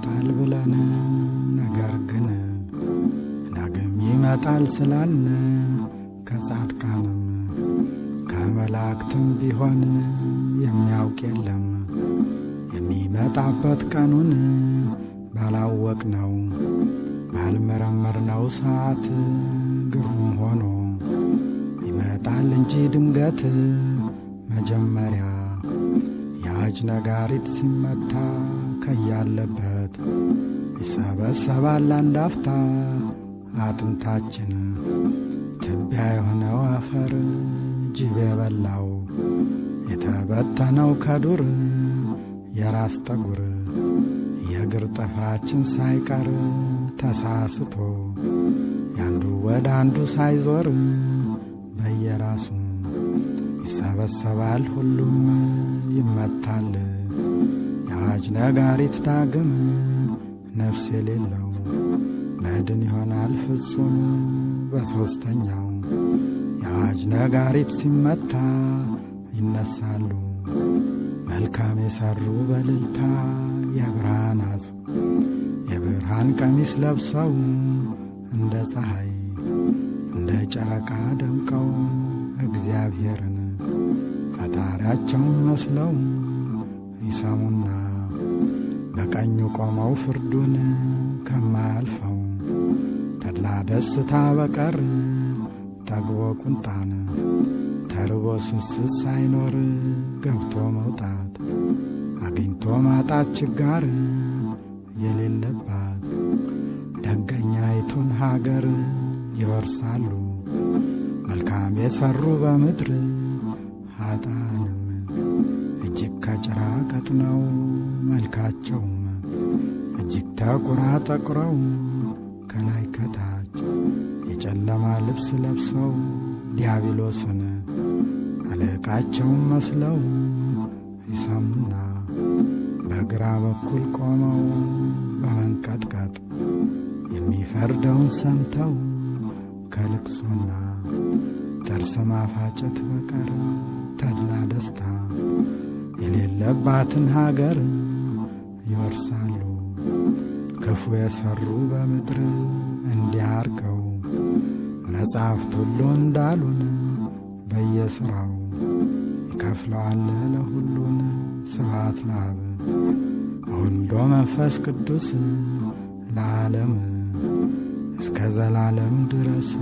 ይመጣል ብለን ነገር ግን ዳግም ይመጣል ስላልን ከጻድቃንም ከመላእክትም ቢሆን የሚያውቅ የለም የሚመጣበት ቀኑን ባላወቅ ነው ባልመረመር ነው ሰዓት ግሩም ሆኖ ይመጣል እንጂ ድንገት መጀመሪያ የአጅ ነጋሪት ሲመታ ከያለበት ይሰበሰባል አንዳፍታ አፍታ አጥንታችን ትቢያ የሆነው አፈር ጅብ የበላው የተበተነው ከዱር የራስ ጠጉር የእግር ጠፍራችን ሳይቀር ተሳስቶ ያንዱ ወደ አንዱ ሳይዞር በየራሱ ይሰበሰባል ሁሉም ይመታል። የአዋጅ ነጋሪት ዳግም ነፍስ የሌለው መድን ይሆናል ፍጹም በሦስተኛው የአዋጅ ነጋሪት ሲመታ ይነሳሉ መልካም የሠሩ በልልታ የብርሃን አዝው የብርሃን ቀሚስ ለብሰው እንደ ፀሐይ እንደ ጨረቃ ደምቀው እግዚአብሔርን ፈጣሪያቸውን መስለው ይሰሙና በቀኙ ቆመው ፍርዱን ከማያልፈው ተድላ ደስታ በቀር ጠግቦ ቁንጣን ተርቦ ስስት ሳይኖር ገብቶ መውጣት አግኝቶ ማጣት ችጋር የሌለባት ደገኛይቱን ሀገር ይወርሳሉ መልካም የሰሩ በምድር ኃጣንም እጅግ ከጭራ ቀጥነው መልካቸውም እጅግ ተቁራ ጠቁረው ከላይ ከታች የጨለማ ልብስ ለብሰው ዲያብሎስን አለቃቸውን መስለው ይሰሙና በግራ በኩል ቆመው በመንቀጥቀጥ የሚፈርደውን ሰምተው ከልቅሶና ጥርስ ማፋጨት በቀር ተድ የገባትን ሀገር ይወርሳሉ። ክፉ የሰሩ በምድር እንዲያርገው መጻሕፍት ሁሉ እንዳሉን በየሥራው ይከፍለዋል ለሁሉን ስብሐት ለአብ ወወልድ ወመንፈስ ቅዱስ ለዓለም እስከ ዘላለም ድረስ